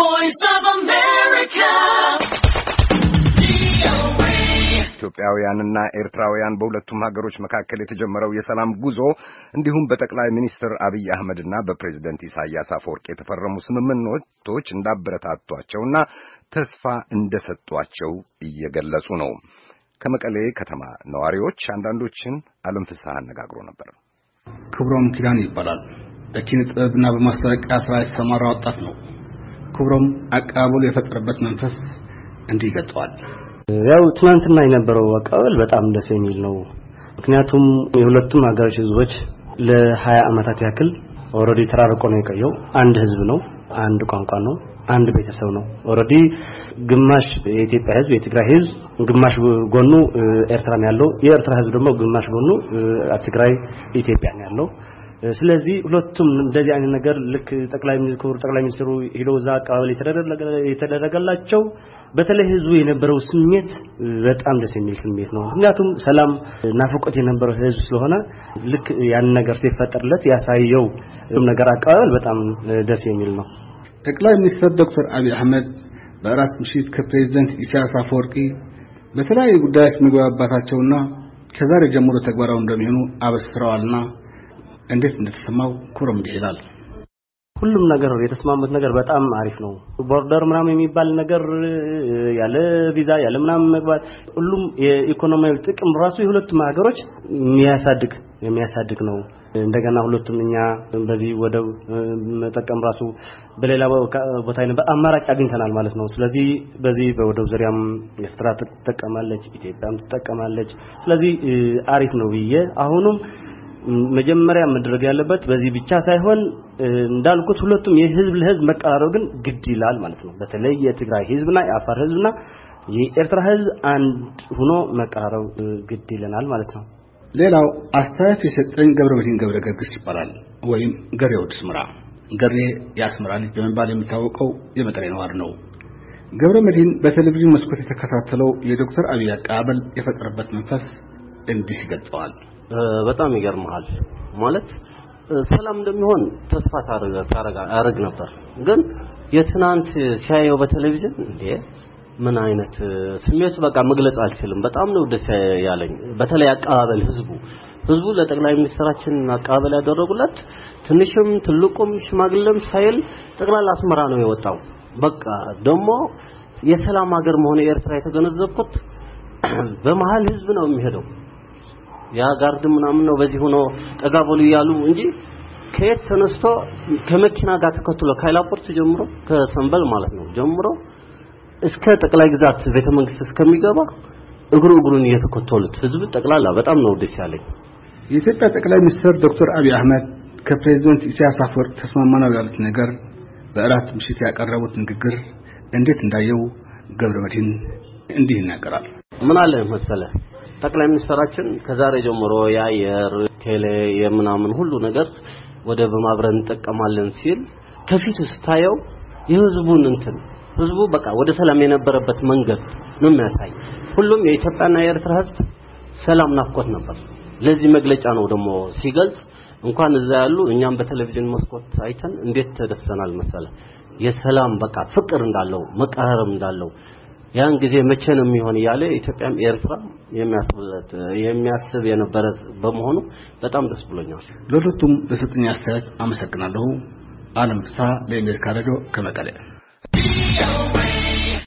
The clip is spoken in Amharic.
voice of America. ኢትዮጵያውያንና ኤርትራውያን በሁለቱም ሀገሮች መካከል የተጀመረው የሰላም ጉዞ እንዲሁም በጠቅላይ ሚኒስትር አብይ አህመድና በፕሬዚደንት ኢሳያስ አፈወርቅ የተፈረሙ ስምምነቶች እንዳበረታቷቸውና ተስፋ እንደሰጧቸው እየገለጹ ነው። ከመቀሌ ከተማ ነዋሪዎች አንዳንዶችን አለም ፍስሐ አነጋግሮ ነበር። ክብሮም ኪዳን ይባላል። በኪነ ጥበብና በማስታወቂያ ስራ የተሰማራ ወጣት ነው። ክብሮም አቀባበሉ የፈጠረበት መንፈስ እንዲህ ይገልጸዋል። ያው ትናንትና የነበረው አቀባበል በጣም ደስ የሚል ነው። ምክንያቱም የሁለቱም ሀገሮች ህዝቦች ለሀያ ዓመታት ያክል ኦልሬዲ ተራርቆ ነው የቆየው። አንድ ህዝብ ነው፣ አንድ ቋንቋ ነው፣ አንድ ቤተሰብ ነው። ኦልሬዲ ግማሽ የኢትዮጵያ ህዝብ የትግራይ ህዝብ ግማሽ ጎኑ ኤርትራን ያለው የኤርትራ ህዝብ ደግሞ ግማሽ ጎኑ ትግራይ ኢትዮጵያን ያለው ስለዚህ ሁለቱም እንደዚህ አይነት ነገር ልክ ጠቅላይ ሚኒስትሩ ጠቅላይ ሚኒስትሩ ሄደው እዛ አቀባበል የተደረገላቸው በተለይ ህዝቡ የነበረው ስሜት በጣም ደስ የሚል ስሜት ነው። ምክንያቱም ሰላም ናፍቆት የነበረው ህዝብ ስለሆነ ልክ ያን ነገር ሲፈጠርለት ያሳየው ነገር አቀባበል በጣም ደስ የሚል ነው። ጠቅላይ ሚኒስትር ዶክተር አብይ አህመድ በእራት ምሽት ከፕሬዝዳንት ኢሳያስ አፈወርቂ በተለያዩ ጉዳዮች መግባባታቸውና ከዛሬ ጀምሮ ተግባራዊ እንደሚሆኑ አበስረዋልና እንዴት እንደተሰማው ኩርም ይላል። ሁሉም ነገር የተስማሙት ነገር በጣም አሪፍ ነው። ቦርደር ምናምን የሚባል ነገር ያለ ቪዛ ያለ ምናምን መግባት ሁሉም የኢኮኖሚያዊ ጥቅም ራሱ የሁለቱም ሀገሮች የሚያሳድግ የሚያሳድግ ነው። እንደገና ሁለቱም እኛ በዚህ ወደብ መጠቀም ራሱ በሌላ ቦታ በአማራጭ አግኝተናል ማለት ነው። ስለዚህ በዚህ በወደብ ዙሪያም ኤርትራ ትጠቀማለች፣ ኢትዮጵያም ትጠቀማለች። ስለዚህ አሪፍ ነው ብዬ አሁኑም መጀመሪያ መድረግ ያለበት በዚህ ብቻ ሳይሆን እንዳልኩት ሁለቱም የህዝብ ለህዝብ መቀራረብ ግን ግድ ይላል ማለት ነው። በተለይ የትግራይ ህዝብና የአፋር ህዝብና የኤርትራ ህዝብ አንድ ሆኖ መቀራረብ ግድ ይለናል ማለት ነው። ሌላው አስተያየት የሰጠኝ ገብረ መድህን ገብረ ገርግስ ይባላል ወይም ገሬው ድስምራ አስመራ ገሬ የአስመራ ልጅ በመባል የሚታወቀው የመቀሌ ነዋሪ ነው። ገብረ መድህን በቴሌቪዥን መስኮት የተከታተለው የዶክተር አብይ አቀባበል የፈጠረበት መንፈስ እንዲህ ይገልጸዋል። በጣም ይገርመሃል ማለት ሰላም እንደሚሆን ተስፋ ታረግ ነበር። ግን የትናንት ሲያየው በቴሌቪዥን እንዴ ምን አይነት ስሜት በቃ መግለጽ አልችልም። በጣም ነው ደስ ያለኝ። በተለይ አቀባበል ህዝቡ ህዝቡ ለጠቅላይ ሚኒስትራችን አቀባበል ያደረጉለት ትንሽም ትልቁም ሽማግሌም ሳይል ጠቅላላ አስመራ ነው የወጣው። በቃ ደግሞ የሰላም ሀገር መሆነ ኤርትራ የተገነዘብኩት በመሀል ህዝብ ነው የሚሄደው ያ ጋርድ ምናምን ነው በዚህ ሆኖ ጠጋ በሉ እያሉ እንጂ ከየት ተነስቶ ከመኪና ጋር ተከትሎ ከአይላፖርት ጀምሮ ከሰንበል ማለት ነው ጀምሮ እስከ ጠቅላይ ግዛት ቤተ መንግስት እስከሚገባ እግሩ እግሩን እየተከተሉት ህዝብ ጠቅላላ በጣም ነው ደስ ያለኝ። የኢትዮጵያ ጠቅላይ ሚኒስትር ዶክተር አብይ አህመድ ከፕሬዝዳንት ኢሳያስ አፈወርቅ ተስማማናው ያሉት ነገር በእራት ምሽት ያቀረቡት ንግግር እንዴት እንዳየው ገብረ መድህን እንዲህ ይናገራል። ምን አለ መሰለ ጠቅላይ ሚኒስትራችን ከዛሬ ጀምሮ የአየር ቴሌ የምናምን ሁሉ ነገር ወደብ አብረን እንጠቀማለን ሲል ከፊቱ ስታየው የህዝቡን እንትን ህዝቡ በቃ ወደ ሰላም የነበረበት መንገድ ነው የሚያሳይ። ሁሉም የኢትዮጵያና የኤርትራ ህዝብ ሰላም ናፍቆት ነበር። ለዚህ መግለጫ ነው ደግሞ ሲገልጽ እንኳን እዛ ያሉ እኛም በቴሌቪዥን መስኮት አይተን እንዴት ተደሰናል መሰለ። የሰላም በቃ ፍቅር እንዳለው መቃረም እንዳለው ያን ጊዜ መቼ ነው የሚሆን እያለ ኢትዮጵያም ኤርትራ የሚያስብለት የሚያስብ የነበረ በመሆኑ በጣም ደስ ብሎኛል። ለሁለቱም ለሰጡኝ አስተያየት አመሰግናለሁ። አለም ፍስሐ ለአሜሪካ ሬዲዮ ከመቀለ